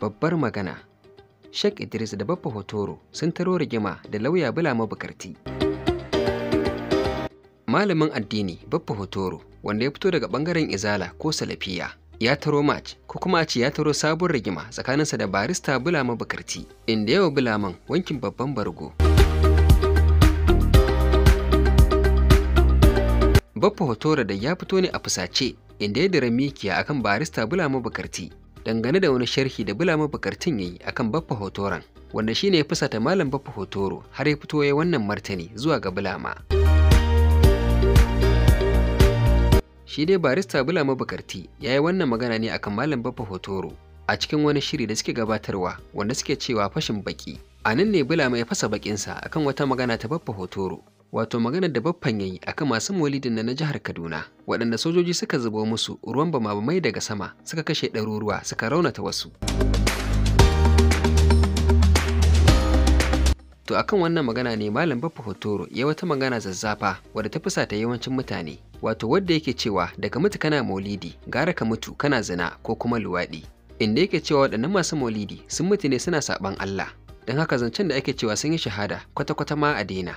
babbar magana shek Idris da Baffa Hotoro sun taro rigima da lauya Bula Mabukarti. Malamin addini Baffa Hotoro wanda ya fito daga bangaren Izala ko Salafiya ya taro match ko kuma a ce ya taro sabon rigima tsakaninsa da barista Bula Mabukarti inda yawa Bulaman wankin babban bargo. Baffa Hotoro da ya fito ne a fusace inda ya dira mikiya akan barista Bula Mabukarti dangane da wani sharhi da Bula Mabukartin yayi akan Baffa Hotoran wanda shine ya fusata Malam Baffa Hotoro har ya fito ya wannan martani zuwa ga Bulama. Shi dai barista Bulama Bukarti ya yi wannan magana ne akan Malam Baffa Hotoro a cikin wani shiri da suke gabatarwa wanda suke cewa fashin baki. A nan ne Bulama ya fasa bakinsa akan wata magana ta Baffa Hotoro wato maganar da baffan yayi akan masu maulidin na jihar Kaduna waɗanda sojoji suka zubo musu ruwan mai daga sama suka kashe ɗaruruwa suka raunata wasu to akan wannan magana ne malam baffa hotoro ya wata magana zazzafa wadda ta fusata yawancin mutane wato wadda yake cewa daga mutu kana maulidi gara ka mutu kana zina ko kuma luwaɗi inda yake cewa waɗannan masu maulidi sun mutu ne suna saɓan Allah don haka zancen da ake cewa sun yi shahada kwata-kwata ma a daina.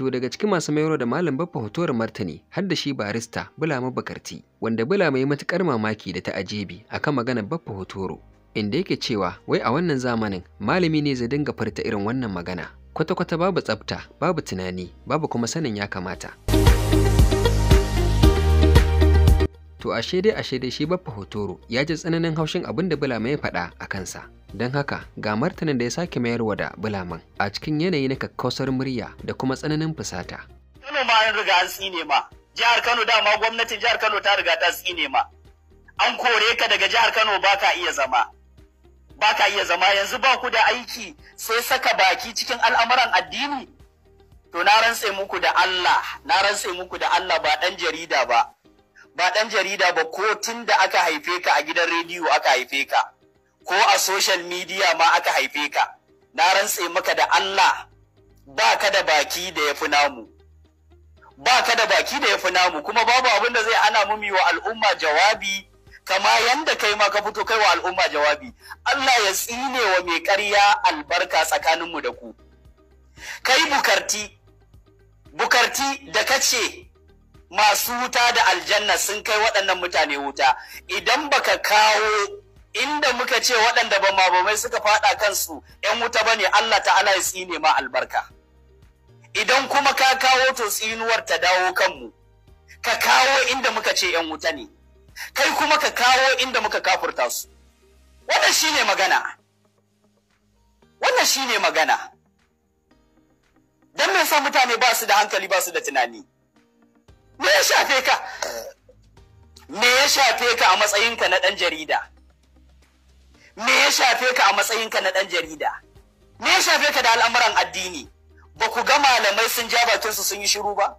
To daga cikin masu mayar da Malam Baffa hotowar martani har da shi barista Bulama Bakarti wanda Bulama ya matukar mamaki da ta ajebi akan maganar Baffa Hotoro inda yake cewa wai a wannan zamanin malami ne zai dinga farta irin wannan magana kwata-kwata babu tsafta babu tunani babu kuma sanin ya kamata. to ashe dai ashe dai shi baffa hotoro ya ji tsananin haushin abin da bulama ya faɗa a kansa don haka ga martanin da ya sake mayarwa da bulaman a cikin yanayi na kakkausar murya da kuma tsananin fusata. Kano ma an riga an tsine ma jihar Kano dama gwamnatin jihar Kano ta riga ta tsine ma an kore ka daga jihar Kano ba ka iya zama ba ka iya zama yanzu ba ku da aiki sai saka baki cikin al'amuran addini to na rantse muku da Allah na rantse muku da Allah ba ɗan jarida ba ba ɗan jarida ba ko tun da aka haife ka a gidan rediyo aka haife ka ko a social media ma aka haife ka na rantse maka da Allah ba ka da baki da ya fi namu ba ka da baki da ya fi namu kuma babu abin da zai ana mumi wa al'umma jawabi kama yanda kai ma ka fito kai wa al'umma jawabi Allah ya tsine wa mai karya albarka tsakaninmu da ku kai bukarti bukarti da ka ce masu wuta da aljanna sun kai waɗannan mutane wuta idan baka kawo inda muka ce waɗanda ba mabamai suka faɗa kansu ‘yan wuta ba ne Allah ta'ala ya tsine ma albarka. Idan kuma ka kawo to tsinuwar ta dawo kanmu, ka kawo inda muka ce ‘yan wuta ne, kai kuma ka kawo inda muka kafurta su. Wannan shi ne magana. Wannan shi ne magana. Don me son mutane ba su da hankali ba su da tunani. Me ya shafe ka? Me ya shafe ka a matsayinka na ɗan jarida? me ya shafe ka a matsayinka na ɗan jarida me ya shafe ka da al'amuran addini ba ku ga malamai sun ja bakinsu sun yi shiru ba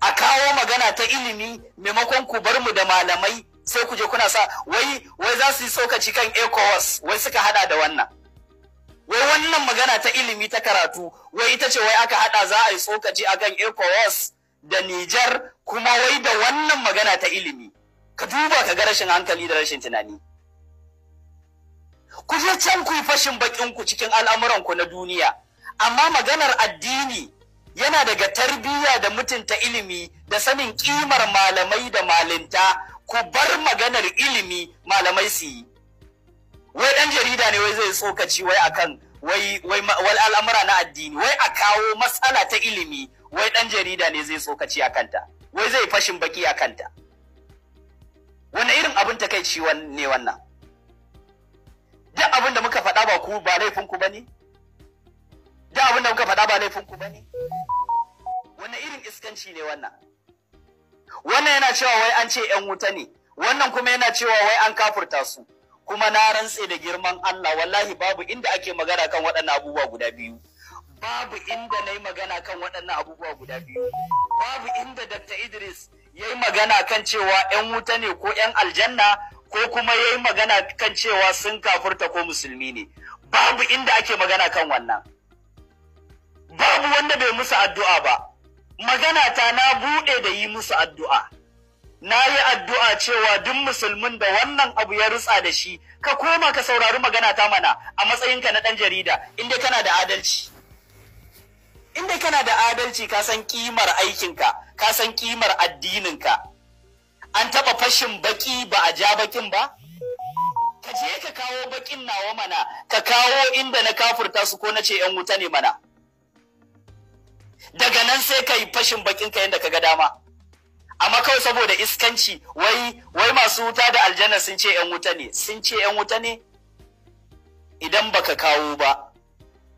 a kawo magana ta ilimi maimakon ku bar mu da malamai sai ku je kuna sa wai wai za su yi tsokaci kan ECOWAS wai suka hada da wannan wai wannan magana ta ilimi ta karatu wai ita ce wai aka hada za a yi tsokaci a kan ECOWAS da Nijar kuma wai da wannan magana ta ilimi ka duba ka ga rashin hankali da rashin tunani ku je can ku yi fashin bakin ku cikin al'amuran ku na duniya amma maganar addini yana daga tarbiyya da mutunta ilimi da sanin kimar malamai da malinta ku bar maganar ilimi malamai su yi wai dan jarida ne wai zai tsokaci wai akan wai wai al'amura na addini wai a kawo matsala ta ilimi wai dan jarida ne zai tsokaci akan ta wai zai fashin baki akan ta wani irin abin takaici ne wannan muka faɗa ba ku ba laifin ku bane da abin da muka faɗa ba laifin ku bane Wani irin iskanci ne wannan wannan yana cewa wai an ce yan wuta ne wannan kuma yana cewa wai an kafurta su kuma na rantse da girman Allah wallahi babu inda ake magana kan waɗannan abubuwa guda biyu babu inda na yi magana kan waɗannan abubuwa guda biyu babu inda Dr. Idris ya yi magana kan cewa 'yan wuta ne ko 'yan aljanna ko kuma ya yi magana kan cewa sun kafurta ko musulmi ne babu inda ake magana kan wannan babu wanda bai musu addu'a ba magana ta na buɗe da yi musu addu'a na yi addu'a cewa duk musulmin da wannan abu ya rutsa da shi ka koma ka saurari magana ta mana a matsayinka na ɗan jarida inda kana da adalci inda kana da adalci ka san kimar aikinka ka san kimar addininka an taba fashin baki ba a ja bakin ba ka je ka kawo bakin nawa mana ka kawo inda na kafurta su ko na ce yan wuta ne mana daga nan sai ka yi fashin bakin ka yadda ka ga dama amma kawai saboda iskanci wai wai masu wuta da aljanna sun ce yan wuta ne sun ce yan wuta ne idan baka kawo ba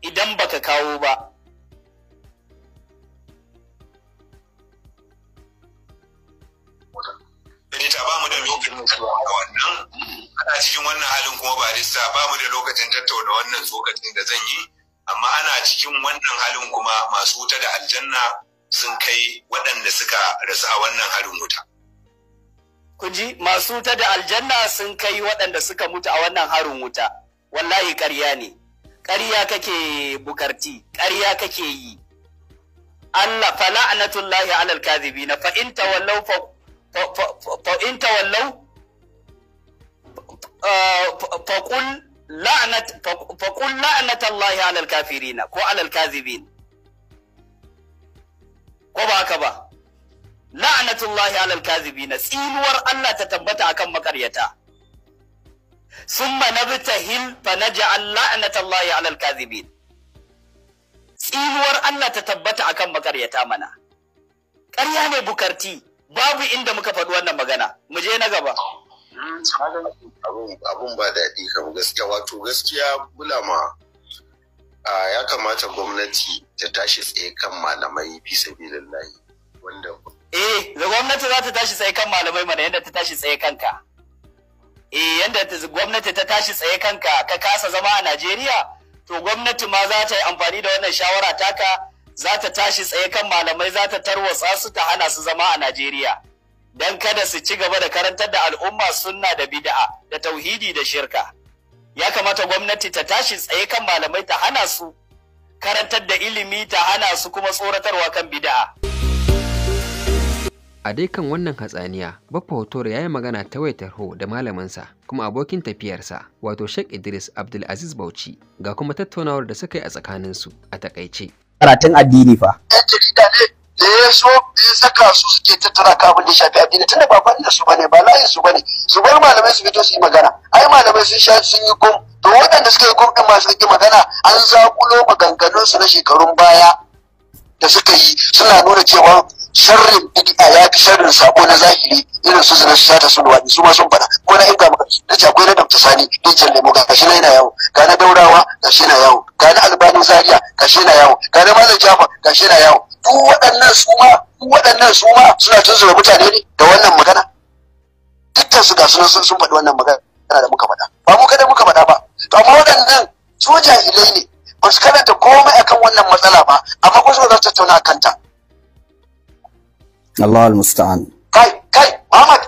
idan baka kawo ba lokacin wannan ana cikin wannan halin kuma barista ba mu da lokacin tattauna wannan tsokacin da zan yi amma ana cikin wannan halin kuma masu wuta da aljanna sun kai waɗanda suka rasu a wannan halin wuta. Kunji masu wuta da aljanna sun kai waɗanda suka mutu a wannan harin wuta, wallahi ƙarya ne, ƙarya kake bukarti, ƙarya kake yi. Allah fa la'natullahi alal kadhibina fa in tawallaw فإن تولوا آه، فقل لعنة فقل لعنة الله على الكافرين وعلى الكاذبين كبا كبا لعنة الله على الكاذبين سين ور ألا تتبت كم مكريتا ثم نبتهل فنجعل لعنة الله على الكاذبين سين ور ألا تتبت كم مكريتا منا كريانة بكرتي babu inda muka faɗi wannan magana mu je na gaba abun ba daɗi kam gaskiya wato gaskiya bulama ya kamata gwamnati ta tashi tsaye kan malamai fi sabilillahi wanda eh da gwamnati za ta tashi tsaye kan malamai mana yadda ta tashi tsaye kanka eh yadda gwamnati ta tashi tsaye kanka ka kasa zama a Najeriya to gwamnati ma za ta yi amfani da wannan shawara taka za ta tashi tsaye kan malamai za ta tarwatsa su ta hana su zama a Najeriya don kada su ci gaba da karantar da al'umma sunna da bida'a da tauhidi da shirka ya kamata gwamnati ta tashi tsaye kan malamai ta hana su karantar da ilimi ta hana su kuma tsoratarwa kan bida'a. a dai kan wannan hatsaniya baffa hotor ya yi magana ta wayar tarho da malaminsa kuma abokin tafiyarsa wato sheikh idris abdulaziz bauchi ga kuma tattaunawar da suka yi a tsakaninsu a takaice karatun addini fa yan eh, jarida ne da ya so ya saka su suke tattara kafin abin da shafi addini tunda ba fanni da su bane ba layin su bane su bar malamai su fito su yi magana ai malamai sun sha sun yi gum to waɗanda suka yi gum din ma yi magana an zakulo maganganun su na shekarun baya da suka yi suna nuna cewa sharrin bid'a ya fi sharrin sako na zahiri irin su zina shata sun wani su ma sun faɗa ko na inga maka na ce akwai na damta sani din can lemo ga shi na yana yawo ga na daurawa ga shi na yawo ga na albanin zaria ga shi na yawo ga na mazan jafa ga shi na yawo duk waɗannan su ma waɗannan su ma suna tunzura mutane ne da wannan magana dukkan su ga sunan sun sun faɗi wannan magana da muka faɗa ba mu kada muka faɗa ba to amma waɗannan su jahilai ne ba su karanta komai akan wannan matsala ba amma ko su za su tattauna kanta الله المستعان كاي كاي ماما آه، آه.